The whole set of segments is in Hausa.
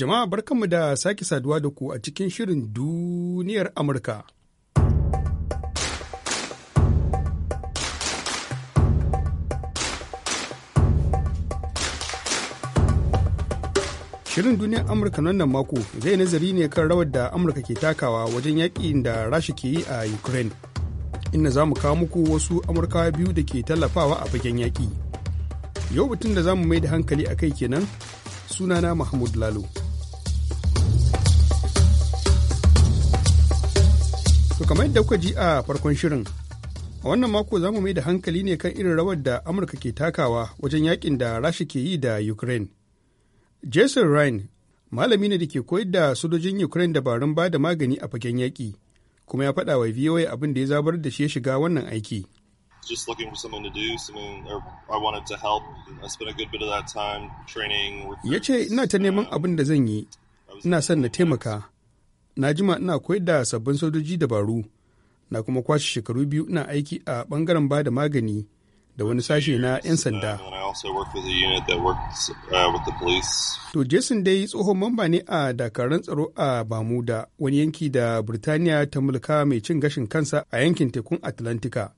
Jama'a barkanmu da sake saduwa da ku a cikin shirin duniyar Amurka. Shirin duniyar Amurka nan mako zai nazari ne kan rawar da Amurka ke takawa wajen yaƙin da Rasha ke yi a Ukraine. Inda za mu kawo muku wasu Amurkawa biyu da ke tallafawa a fagen yaƙi. Yau batun da za mu mai da hankali a kai kenan sunana Mahmud Lalo. To kamar yadda kuka ji a farkon shirin, a wannan mako za mu mai da hankali ne kan irin rawar da Amurka ke takawa wajen yakin da Rasha ke yi da Ukraine. Jason Ryan, malami ne da ke koyar da sojojin Ukraine dabarun ba da magani a fagen yaƙi, kuma ya faɗa wa VOA abin da ya zabar da shi ya shiga wannan aiki. just Ya ce ina ta neman abin da zan yi, ina son na taimaka, na jima ina koyar da sabbin sojoji dabaru na kuma kwashe shekaru biyu ina aiki a bangaren ba da magani da wani sashe na 'yan sanda. Uh, to Jason dai tsohon mamba ne a dakarun tsaro a Bamuda wani yanki da Birtaniya ta mulka mai cin gashin kansa a yankin tekun Atlantika.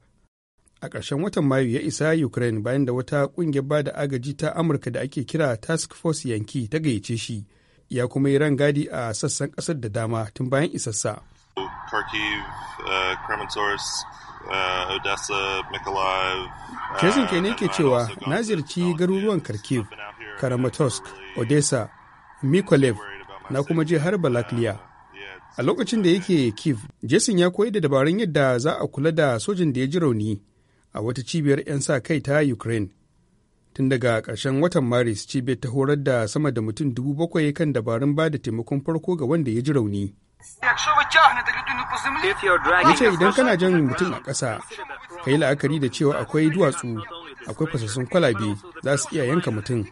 A ƙarshen watan Mayu ya isa Ukraine bayan da wata ƙungiyar ba da agaji ta Amurka da ake kira Task Force Yanki ta gayyace shi. ya kuma yi rangadi a sassan ƙasar da dama tun bayan isassa. kesin kai ne ke cewa na ziyarci garuruwan karkiv uh, Kramatorsk, uh, Odessa, Mykolaiv uh, na kuma je har Balaklia. A lokacin da yake Kiev, Jason ya koyi da dabarun yadda za a kula da sojin da ya ji rauni a wata cibiyar 'yan sa kai ta Ukraine. tun daga ƙarshen watan maris cibiyar ta horar da sama da mutum dubu bakwai kan dabarun ba da taimakon farko ga wanda ya ji rauni yace idan kana jan mutum a ƙasa ka yi la'akari da cewa akwai duwatsu akwai fasassun kwalabe za su iya yanka mutum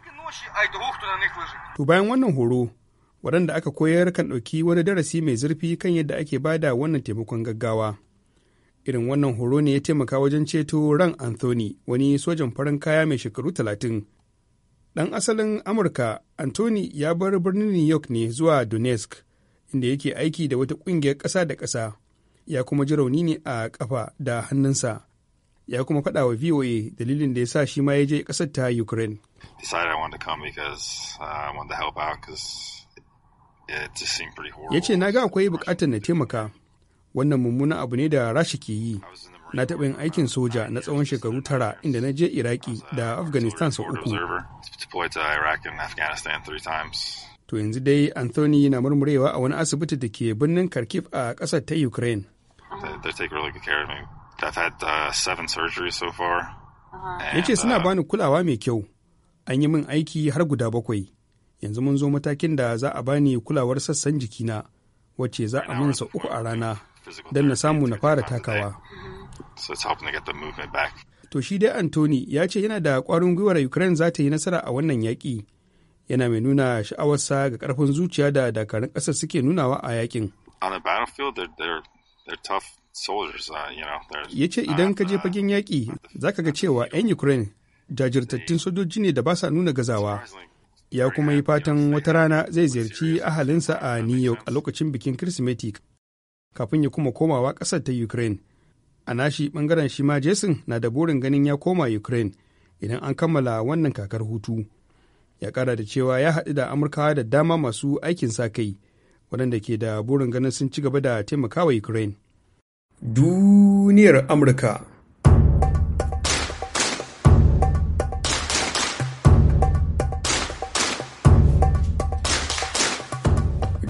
to bayan wannan horo waɗanda aka koyar kan ɗauki wani darasi mai zurfi kan yadda ake bada wannan taimakon gaggawa irin wannan horo ne ya taimaka wajen ceto ran anthony wani sojan farin kaya mai shekaru talatin ɗan asalin amurka anthony ya bar birnin new york ne zuwa donetsk inda yake aiki da wata ƙungiyar ƙasa da ƙasa ya kuma ji rauni ne a ƙafa da hannunsa ya kuma faɗa wa voa dalilin da ya sa shi ma ya je ƙasar ta ukraine uh, ya ce na ga akwai buƙatar na taimaka wannan mummunan abu ne da rasha ke yi na taɓa yin aikin soja na tsawon shekaru tara inda na je iraki da afghanistan sau uku to yanzu dai anthony na murmurewa a wani asibiti da ke birnin kharkiv a ƙasar ta ukraine ya ce suna bani kulawa mai kyau an yi min aiki har guda bakwai yanzu mun zo matakin da za a bani kulawar sassan jikina wacce za a min sau uku a rana don na samu na fara takawa. To shi dai Anthony ya ce yana da ƙwarin gwiwar Ukraine za ta yi nasara a wannan yaƙi. Yana mai nuna sha'awarsa ga ƙarfin zuciya da dakarun ƙasar suke nunawa a yaƙin. Uh, ya ce idan ka je uh, fagen yaƙi za ka ga cewa 'yan Ukraine jajirtattun sojoji ne da ba sa nuna gazawa. Ya kuma yi fatan wata rana zai ziyarci ahalinsa a New York a lokacin bikin Kirsimeti kafin ya kuma komawa ƙasar ta Ukraine. A nashi ɓangaren shi ma Jason na da burin ganin ya koma Ukraine idan an kammala wannan kakar hutu. Ya ƙara da cewa ya haɗu da Amurkawa da dama masu aikin sa kai waɗanda ke da burin ganin sun ci gaba da taimakawa Ukraine. Duniyar Amurka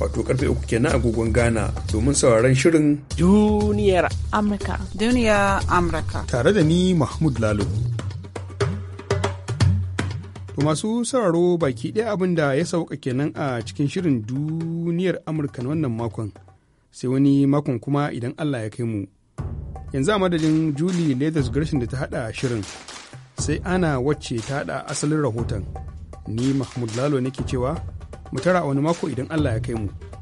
wato karfe uku kenan agogon Ghana domin sauraron shirin Duniyar Amurka. Duniyar Amurka. Tare da ni Mahmud Lalo. To masu sauraro baki ɗaya abin da ya sauka kenan a cikin shirin Duniyar Amurka na wannan makon. Sai wani makon kuma idan Allah ya kai mu. Yanzu a madadin Julie Leathers Gershon da ta hada shirin. Sai ana wacce ta hada asalin rahoton. Ni Mahmud Lalo nake cewa mu tara a wani mako idan Allah ya kai mu